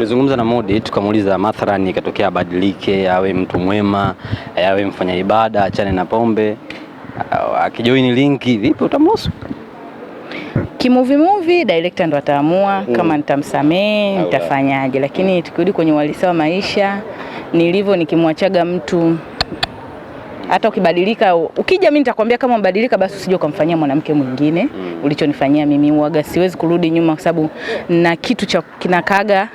tulizungumza na Modi tukamuuliza, mathalan ikatokea abadilike, awe mtu mwema, eh, awe mfanya ibada, achane na pombe, ah, akijoin linki, vipi utamruhusu? Kimuvi muvi director ndo ataamua mm. kama nitamsamehe mm. nitafanyaje, lakini tukirudi kwenye uhalisia wa maisha nilivyo, nikimwachaga mtu hata ukibadilika, ukija mimi nitakwambia kama mbadilika, basi usije ukamfanyia mwanamke mwingine mm. ulichonifanyia mimi. Uaga siwezi kurudi nyuma, kwa sababu na kitu cha kinakaga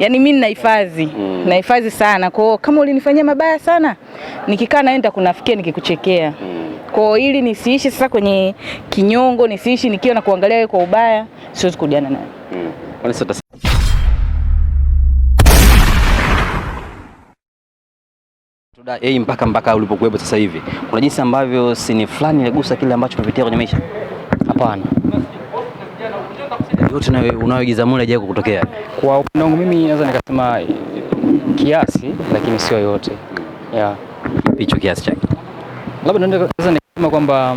yani mimi ninahifadhi mm. nahifadhi sana. Kwa hiyo kama ulinifanyia mabaya sana, nikikaa nawe nitakunafikia nikikuchekea mm. Kwa hiyo ili nisiishi sasa kwenye kinyongo, nisiishi nikiwa na kuangalia wewe kwa ubaya, siwezi kujana naye mm. Hey, mpaka mpaka ulipokuwepo sasa hivi, kuna jinsi ambavyo sini fulani iligusa kile ambacho umepitia kwenye maisha? Hapana yote unayoigiza mule haijawahi kukutokea? Kwa upande wangu mimi naweza nikasema kiasi, lakini sio yote. Yeah. Hicho kiasi chake labda naweza nikasema kwamba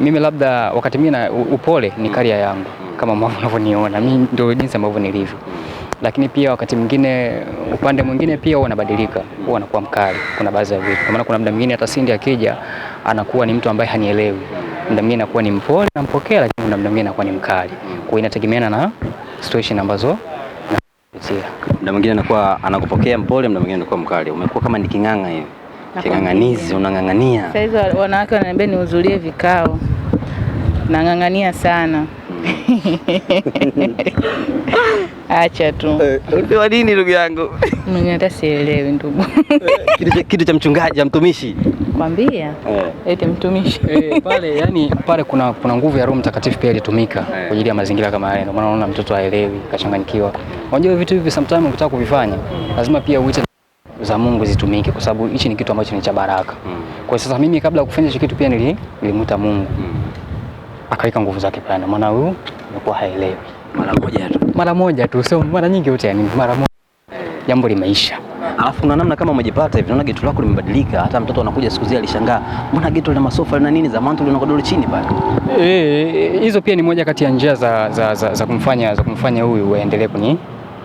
mimi labda wakati mimi na upole ni karia yangu kama unavyoniona mimi ndio jinsi ambavyo nilivyo, lakini pia wakati mwingine upande mwingine pia huwa anabadilika, huwa anakuwa mkali, kuna baadhi ya vitu, kwa maana kuna muda mwingine hata Sindi akija anakuwa ni mtu ambaye hanielewi muda mwingine anakuwa ni mpole nampokea, lakini muda mwingine anakuwa ni mkali. Kwa hiyo inategemeana na situation ambazo napitia. Muda mwingine anakuwa anakupokea mpole, muda mwingine anakuwa mkali. Umekuwa kama ni king'ang'a hivi, king'ang'anizi, unang'ang'ania. Sasa hizo wanawake wananiambia niuzulie vikao, nang'ang'ania sana. Acha tu eh, eh. nini ndugu yangu hata sielewi ndugu. Eh, kitu, kitu cha mchungaji mtumishi kwambia eh. Eti mtumishi eh, pale yani pale kuna kuna nguvu ya Roho Mtakatifu pia ilitumika eh. kwa ajili ya mazingira kama haya. Ndio maana unaona mtoto haelewi, kachanganyikiwa. Unajua vitu hivi sometimes ukitaka kuvifanya lazima pia uite za Mungu zitumike, kwa sababu hichi ni kitu ambacho ni cha baraka. Mm. Kwa sasa mimi kabla ya kufanya hicho kitu pia nilimuita Mungu mm akaweka nguvu zake pale, maana huyu alikuwa haelewi. Mara moja tu, mara moja tu, sio mara nyingi yote, yani mara moja jambo limeisha. Alafu na namna kama umejipata hivi, naona geto lako limebadilika, hata mtoto anakuja siku zile alishangaa, mbona geto lina masofa na nini, za mantu lina godoro chini pale. Eh, hizo pia ni moja kati ya njia za, za, za, za kumfanya za kumfanya huyu aendelee kuni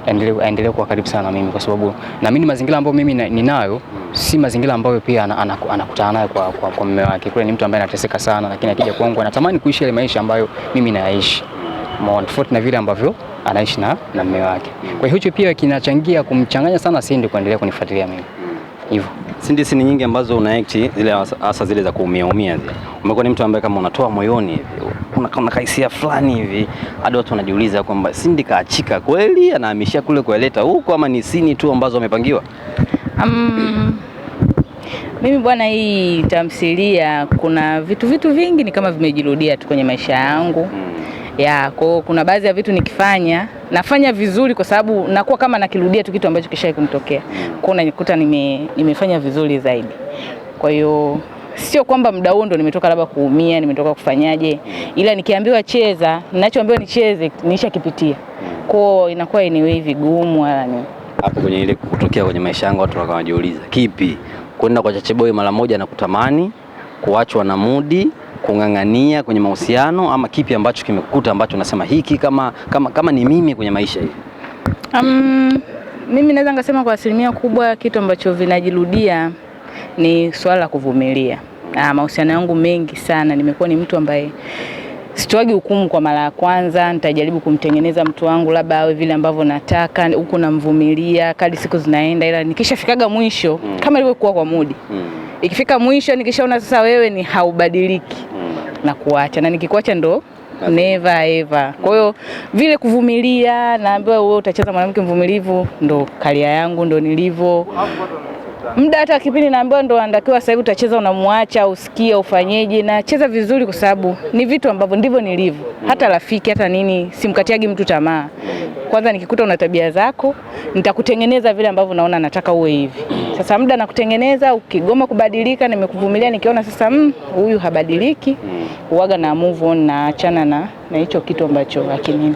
aendelee kuwa karibu sana mimi, kwa sababu naamini mazingira ambayo mimi ninayo si mazingira ambayo pia anakutana nayo kwa, kwa, kwa mume wake. Kule ni mtu ambaye anateseka sana, lakini akija kwangu anatamani kuishi ile maisha ambayo mimi nayaishi, tofauti na vile ambavyo anaishi na mume wake. Kwa hiyo hicho pia kinachangia kumchanganya sana Sindi kuendelea kunifuatilia mimi hivyo Sindi, sini nyingi ambazo una act zile hasa zile za kuumia umia zile, umekuwa ni mtu ambaye kama unatoa moyoni kuna, kama kaisia fulani hivi hadi watu wanajiuliza kwamba Cindy kaachika kweli, anahamishia kule kueleta huko, ama ni sini tu ambazo wamepangiwa? Um, mimi bwana, hii tamthilia kuna vitu vitu vingi ni kama vimejirudia tu kwenye maisha yangu hmm. ya kwa kuna baadhi ya vitu nikifanya nafanya vizuri kwa sababu nakuwa kama nakirudia tu kitu ambacho kishawahi kunitokea, hmm. kwa hiyo nime, nimefanya vizuri zaidi, kwa hiyo sio kwamba muda huo ndo nimetoka labda kuumia, nimetoka kufanyaje, ila nikiambiwa cheza, ninachoambiwa nicheze nishakipitia, kwao inakuwa anyway vigumu. Wala ni hapo kwenye ile kutokea kwenye maisha yangu, watu wakajiuliza kipi kwenda kwa Boy mara moja na kutamani kuachwa na Mudi kung'ang'ania kwenye mahusiano ama kipi ambacho kimekuta ambacho nasema hiki kama, kama, kama ni mimi kwenye maisha hii? Um, mimi naweza ngasema kwa asilimia kubwa kitu ambacho vinajirudia ni swala la kuvumilia. Ah, Mahusiano yangu mengi sana, nimekuwa ni mtu ambaye sitoagi hukumu kwa mara ya kwanza. Nitajaribu kumtengeneza mtu wangu, labda awe vile ambavyo nataka, huku namvumilia kadi, siku zinaenda, ila nikishafikaga mwisho mm. kama ilivyokuwa kwa mudi mm. ikifika mwisho, nikishaona sasa wewe ni haubadiliki mm. na kuacha, na nikikuacha ndo never ever. Kwa hiyo vile kuvumilia, naambiwa wewe utacheza mwanamke mvumilivu, ndo kalia yangu, ndo nilivyo muda hata kipindi naambiwa ndo andakiwa sasa hivi utacheza, unamwacha usikie ufanyeje. Nacheza vizuri kwa sababu ni vitu ambavyo ndivyo nilivyo, hata rafiki hata nini, simkatiagi mtu tamaa. Kwanza nikikuta una tabia zako, nitakutengeneza vile ambavyo naona nataka uwe hivi. Sasa muda nakutengeneza, ukigoma kubadilika, nimekuvumilia. Nikiona sasa mm, huyu mm, habadiliki, uwaga na move on, naachana na hicho na kitu ambacho akinini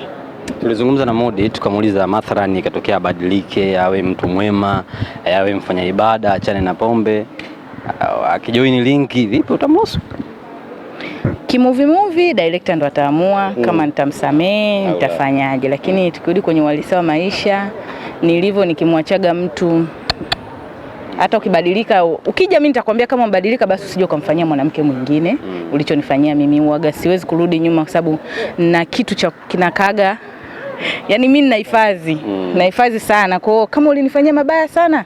Tulizungumza na Modi tukamuuliza mathalani ikatokea abadilike, awe mtu mwema, eh, awe mfanya ibada, achane na pombe, ah, akijoini linki, vipi utamruhusu? Kimuvi muvi director ndo ataamua mm. Kama nitamsamehe nitafanyaje, lakini tukirudi kwenye uhalisia wa maisha nilivyo, nikimwachaga mtu hata ukibadilika, ukija mimi nitakwambia kama mbadilika, basi usije ukamfanyia mwanamke mwingine mm. Ulichonifanyia mimi, uaga siwezi kurudi nyuma, kwa sababu na kitu cha kinakaga yani mimi ninahifadhi mm. nahifadhi sana. Kwa hiyo kama ulinifanyia mabaya sana,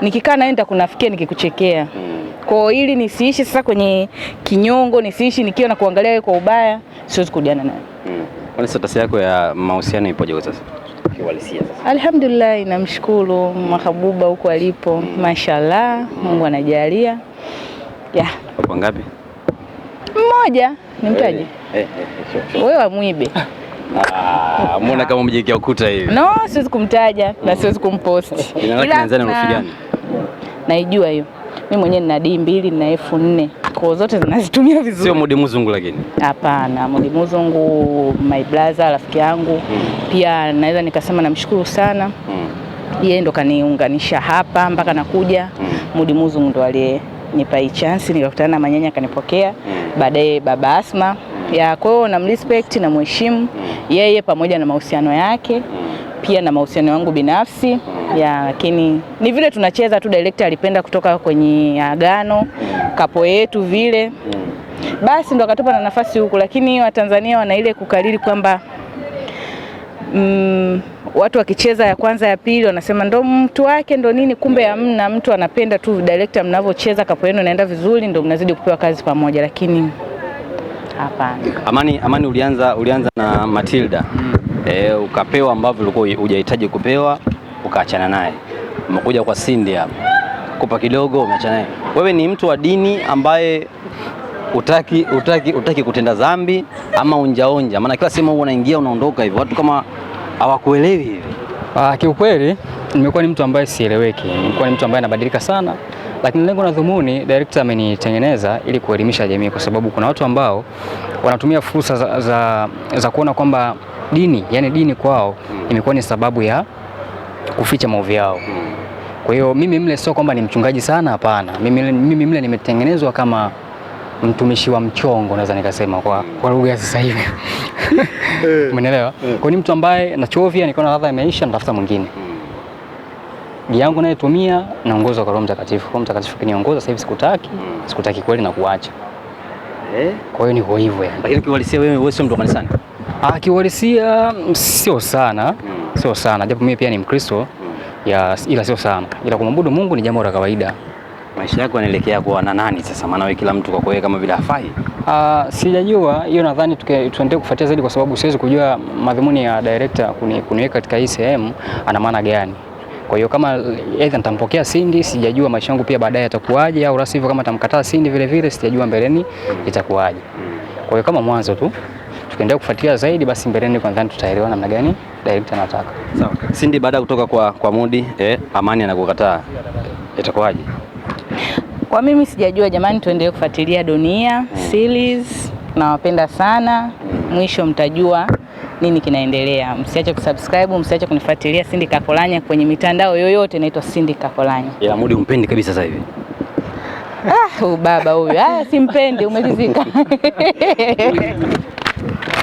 nikikaa nawe nitakunafikia nikikuchekea mm. Kwa hiyo ili nisiishi sasa kwenye kinyongo, nisiishi nikiwa na kuangalia wewe kwa ubaya, siwezi kujana naye mm. Kwani status yako ya mahusiano ipoje sasa? sasa. Alhamdulillah, namshukuru Mahabuba huko alipo mm. Mashallah mm. Mungu anajalia. Yeah. Wapo ngapi? Mmoja, nimtaje? Eh, eh, eh, wewe hey, hey, hey, Wewe mwibe Ah, mbona kama umejikia ukuta hivi? No, siwezi kumtaja na siwezi kumpost. Naijua hiyo. Mimi mwenyewe nina D mbili na F nne kwa zote zinazitumia vizuri. Sio mudi muzungu lakini? Hapana, mudi muzungu my brother rafiki yangu hmm. Pia naweza nikasema namshukuru sana hmm. Yeye ndo kaniunganisha hapa mpaka nakuja hmm. Mudi muzungu ndo aliyenipa hii chance nikakutana na manyanya akanipokea hmm. Baadaye baba Asma ya kwa hiyo namrespect na mheshimu yeye pamoja na mahusiano yake pia na mahusiano yangu binafsi ya, lakini ni vile tunacheza tu, director alipenda kutoka kwenye agano kapo yetu vile basi ndo akatupa na nafasi huku, lakini Watanzania wana ile kukariri kwamba mm, watu wakicheza ya kwanza ya pili wanasema ndo mtu wake ndo nini, kumbe hamna mtu, anapenda tu director mnavyocheza, kapo yenu inaenda vizuri, ndo mnazidi kupewa kazi pamoja, lakini Hapana. Amani, Amani ulianza, ulianza na Matilda mm. E, ukapewa ambavyo ulikuwa hujahitaji kupewa ukaachana naye, umekuja kwa Cindy hapa kupa kidogo umeacha naye. Wewe ni mtu wa dini ambaye utaki, utaki, utaki kutenda dhambi ama unjaonja, maana kila sehemu unaingia unaondoka hivyo, watu kama hawakuelewi hivi. Ah, kiukweli nimekuwa ni mtu ambaye sieleweki, nimekuwa ni mtu ambaye anabadilika sana lakini lengo na dhumuni director amenitengeneza ili kuelimisha jamii, kwa sababu kuna watu ambao wanatumia fursa za, za, za kuona kwamba dini, yani dini kwao imekuwa ni sababu ya kuficha maovu yao. Kwa hiyo mimi mle sio kwamba ni mchungaji sana, hapana. Mimi, mimi mle nimetengenezwa kama mtumishi wa mchongo naweza nikasema kwa, kwa lugha ya sasa hivi eh. umeelewa? Eh. Kwa ni mtu ambaye nachovya nikaona ladha imeisha, nitafuta mwingine yangu nayotumia naongozwa kwa Roho Mtakatifu. Roho Mtakatifu kiniongoza sasa hivi, sikutaki mm. sikutaki kweli na kuacha eh. Kwa hiyo ni kwa hivyo yani. Lakini kiuhalisia wewe wewe sio mtu wa kanisani? Ah, kiuhalisia mm, sio sana, Mm. sio sana, japo mimi pia ni Mkristo Mm. ya ila sio sana, ila kumwabudu Mungu ni jambo la kawaida. Maisha yako yanaelekea kuwa na nani sasa? Maana wewe kila mtu kwa kweli kama vile hafai. Ah, sijajua hiyo, nadhani tuendelee kufuatia zaidi, kwa sababu siwezi kujua madhumuni ya director kuniweka katika hii sehemu ana maana gani. Kwa hiyo kama aidha nitampokea Sindi, sijajua maisha yangu pia baadaye yatakuwaje, au rasivyo kama tamkataa Sindi vile vile, sijajua mbeleni itakuwaje. Kwa hiyo kama mwanzo tu tukiendelea kufuatilia zaidi, basi mbeleni kwa nadhani tutaelewa namna gani director anataka. Sawa. Sindi baada ya kutoka kwa, kwa Mudi eh, Amani anakukataa itakuwaje? Kwa mimi sijajua jamani, tuendelee kufuatilia Dunia hmm. series, nawapenda sana, hmm. mwisho mtajua nini kinaendelea. Msiache kusubscribe, msiache kunifuatilia Cindy Kakolanya kwenye mitandao yoyote, inaitwa Cindy Kakolanya. Ya Mudi umpendi kabisa sasa hivi? Ah, baba huyu. Ah, simpendi, umelizika.